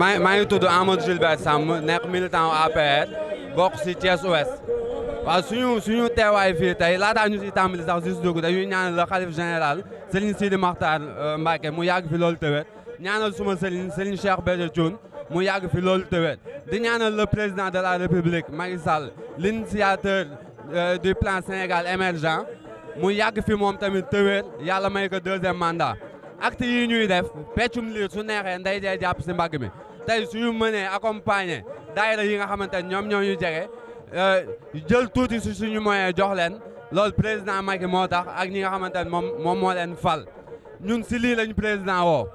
maa maa ngi tudd Amadou Gilbert sam nekk militant APR bokk si Thiès Ouest waaw suñu suñu teewaay fii tey laataa ñu si tàmbali sax si dugg dañuy ñaanal la xalif général Serigne Sidi Makhtar euh, Mbacke mu yàgg fi loolu tëwét ñaanal suma Serigne Serigne Cheikh Béthio Thioune mu yàgg fi loolu tëwét di ñaanal le président de la République Macky Sall l'initiateur euh, du plan Sénégal émergent mu yàgg fi moom tamit tëwét yàlla may ko deuxième mandat acte yi ñuy def peccum liir su neexee nday dee jàpp si mbagg mi tey suñu mënee accompagner daayira yi nga xamante ne ñoom ñoo ñu jege euh, jël tuuti si suñu moyen jox leen loolu président Macky moo tax ak ñi nga xamante ne moom moom moo leen fal ñun si lii lañu président woo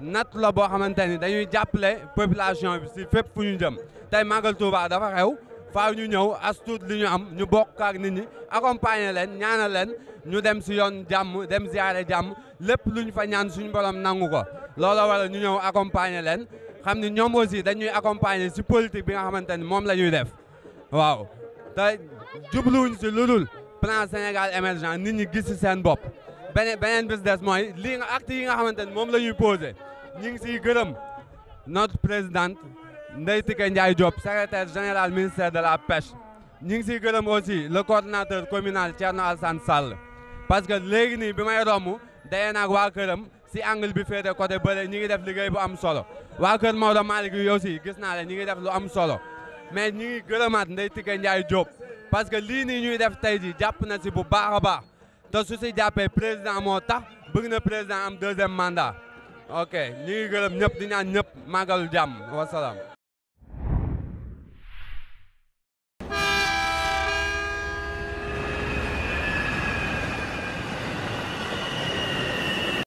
nat la boo xamante ni dañuy jàppale population bi si fépp fu ñu jëm tey màggal Touba dafa xew faaw ñu ñëw as tuut li ñu am ñu bokk ak nit ñi accompagner leen ñaanal leen ñu dem si yoon jàmm dem ziare jàmm lépp lu ñu fa ñaan suñu borom nangu ko looloo waral ñu ñëw accompagner leen xam ni ñoom aussi dañuy accompagner si politique bi nga xamante ni moom la ñuy def waaw te jubluwuñ si lu dul plan Sénégal émergent nit ñi gis si seen bopp beneen beneen bis des mooy lii nga acte yi nga xamante ni moom la ñuy posé ñu ngi siy gërëm notre présidente Ndeye Tické Ndiaye Diop secrétaire général ministère de la pêche ñu ngi siy gërëm aussi le coordonnateur communal Thierno Alassane Sall parce que léegi nii bi may romb dayee naag waa këram si angle bi féete côté bële ñi ngi def liggéey bu am solo waa kër Maodo Malick yi aussi gis naa leen ñi ngi def lu am solo mais ñi ngi gërëmaat Ndeye Tické Ndiaye Diop parce que lii nii ñuy def tey ji jàpp na si bu baax a baax te su si jàppee président moo tax bëgg na président am deuxième mandat ok ñi gërëm ñëpp di ñaan ñëpp màggalu jàmm wasalaam